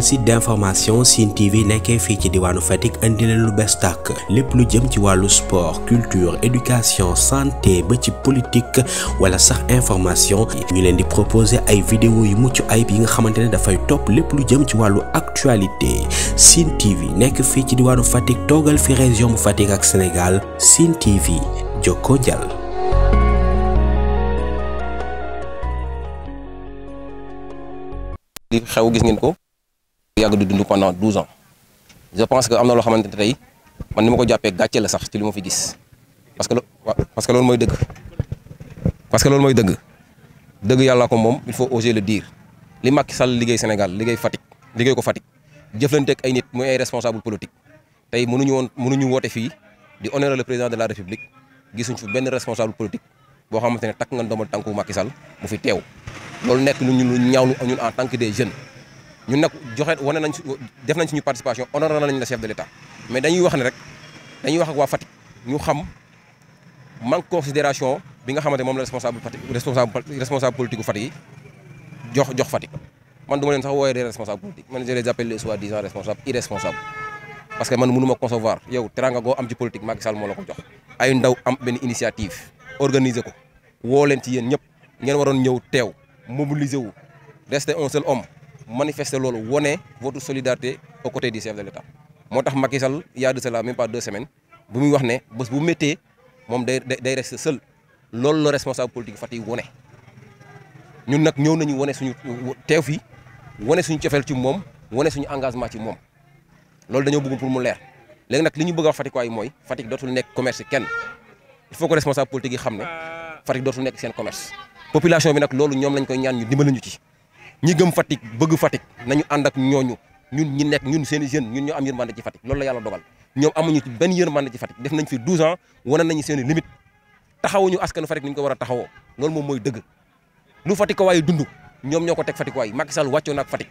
site d'information sin TV nekkee fi ci diwanu fatik andi le lu bees tàkk lépp lu jëm ci walu sport culture éducation santé ba ci politique wala sax information ñu leen di proposer ay vidéo yu muccu à bien nga xamantene da fay top lepp lu jëm ci walu actualité sin TV nek fi ci diwanu fatik togal fi région bu à ak Sénégal Sine TV joko jàll. di gis ngeen ko yàgg di dund pendant douze ans je pense que am na loo xamante ne tey man ni ma ko jàppee gàcce la sax ci li fi parce que parce que loolu mooy dëgg parce que loolu mooy dëgg dëgg yàlla ko moom il faut oser le dire li Macky Sall liggéey Sénégal liggéey Fatick liggéey ko Fatick jëflanteeg ay nit muy ay responsable politique tey mënuñu woon mënuñu woote fii di honorer le président de la République gisuñ fi benn responsable politique boo xamante ne takk nga ndomal tànku Macky Sall mu fi teew loolu nekk lu ñu lu ñaaw ñun en tant que des jeunes ñun nak joxe woné nañ def nañ ñu participation honoré nañ la chef de l'État mais dañuy wax ne rek dañuy wax ak wa fatik ñu xam manque considération bi nga xamanté mom la responsable fatik responsable politique fatik jox jox fatik man duma len sax woyé des responsables politiques man je les appelle les soi-disant responsables irresponsables parce que man mënuma concevoir yow teranga go am ci politique Macky Sall moo la ko jox ay ndaw am ben initiative organiser ko wo len ci yeen ñep ngeen waron ñew tew mobiliser wu rester un seul homme manifester loolu woné votre solidarité aux côtés du chef de l'État motax tax Macky Sall il y a de cela même pas deux semaines bu muy wax né bés bu méttee mom day day reste seul loolu la responsable politique Fatick woné ñun nak ñëw nañu woné suñu téw fi woné suñu cofeel ci mom woné suñu engagement ci mom loolu dañu bëgg pour mu lèr légui nak li ñu bëgg a Fatick waay mooy Fatick dootul nekk commerce kenn il faut que responsable politique xamné xam dotul nek sen commerce population bi nak loolu ñom lañ koy ñaan ñu dimbali ñu ci. ñi gëm Fatick bëgg Fatick nañu ànd ak ñooñu ñun ñi nekk ñun seeni i ñun ñoo am yërmande ci Fatick loolu la yàlla dogal ñoom amuñu ci benn yërmande ci Fatick def nañ fi 12 ans wane nañu seen i limite taxawuñu askanu Fatick ni ñu ko war a taxawoo loolu moom mooy dëgg lu Fatick waaye dund ñoom ñoo ko teg Fatick waaye Macky Sall wàccoo na ak Fatick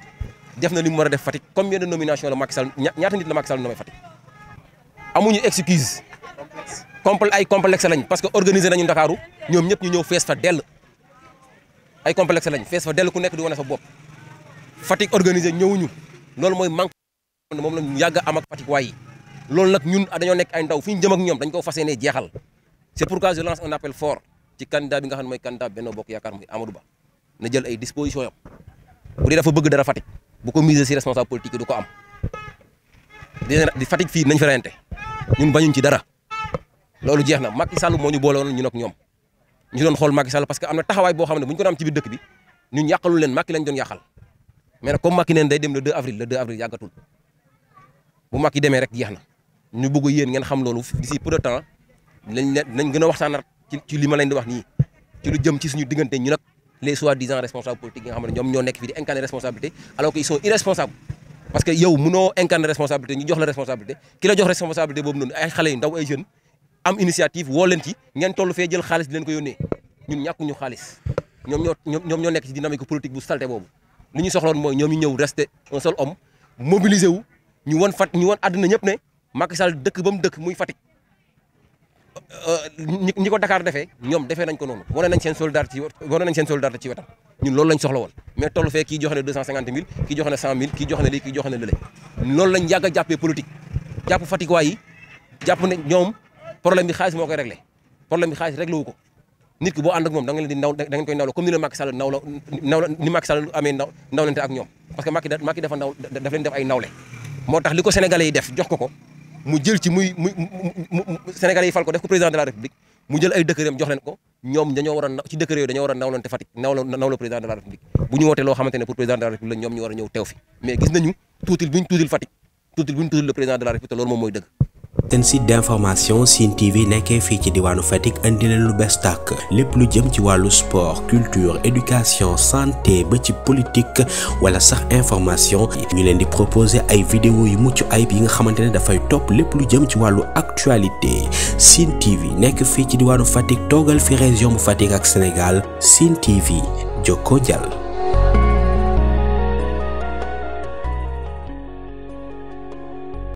def na li mu war a def Fatick comme de nomination la Macky Sall ñaata nit la Macky Sall nommé Fatick amuñu excuse compl ay complexe lañ parce que organiser nañu Ndakaaru ñoom ñëpp ñu ñëw fees fa dell ay complexe lañ fess fa delu ku nek di wane fa bop fatik organiser ñewuñu lool moy manque mom la yag am ak fatik way lool nak ñun dañu nek ay ndaw fiñ jëm ak ñom dañ ko fas yéenee jeexal c'est pourquoi je lance un appel fort ci candidat bi nga xam moy candidat Benno bok yakar moy Amadou Ba na jël ay disposition yop bu di dafa bëgg dara fatik bu ko miser ci responsable politique du ko am di fatik fi nañ fa reyante ñun bañuñ ci dara lolu jeexna na moñu Sall ñun ak ñom ñu doon xol Macky Sall parce que amna taxaway bo xamne buñ ko am ci bi dëkk bi ñun yàqalul leen Macky lañ doon yàqal mais nag comme Macky neen day dem le 2 avril le 2 avril yagatul bu Macky démé rek jeexna ñu bëggu yeen ngeen xam lolu d'ici peu de temps lañ nañ gëna waxtaan ci li ma lañ di wax ni ci lu jëm ci suñu digënté ñu nak les soi-disant responsables politiques nga xamne ñom ño ñoo nekk fii di incarner responsabilité alors qu'ils sont irresponsables parce que yow mëno incarner responsabilité ñu jox la responsabilité ki la jox responsabilité bobu non ay xalé yi ndaw ay jeunes am initiative woo leen ngeen toll fee jël xaalis di ko yónnee ñun ñàkkuñu xaalis ñoom ñoo ñoom ñoo nekk ci dynamique politique bu salté boobu li ñu soxloon mooy ñoom ñu ñëw rester un seul homme wu ñu wan fat ñu wan àddina ñëpp ne Macky Sall dëkk ba mu dëkk muy Fatick euh, ñi ko defee ñoom defee nañ ko noonu wane nañ seen solidarité ci wane nañ seen solidarité ci wetam ñun lool lañ soxla woon mais toll fee kii joxe ne deux cent cinquante mille kii joxe ne cent mille joxe ne lii kii joxe ne lële loolu lañ yàgg jàppee politique jàpp fatik waay yi jàpp ne ñoom problème bi xaalis moo wu ko nit ki boo ànd ak moom da ngeen di naw da koy nawloo comme ni amee naw ak ñoom parce que Macky Macky def ay nawle moo tax li ko sénégalais yi def jox ko ko mu jël ci muy muy yi fal ko def ko président de la république mu jël ay dëkkëreem jox ko ñoom dañoo war a ci dëkkër président de la république bu ñu wootee loo xamante pour président de la république ñoom ñu war ñëw teew fi mais gis nañu seen site d'information Sine TV nekkee fi ci diwanu fatik andi leen lu bees tàkk lépp lu jëm ci walu sport culture éducation santé ba ci politique wala sax information ñu len di proposer ay vidéo yu muccu ay bi nga xamantene da fay top lepp lu jëm ci walu actualité Sine TV nekk fi ci diwanu fatik togal fi région bu fatik ak Sénégal Sine TV joko jàll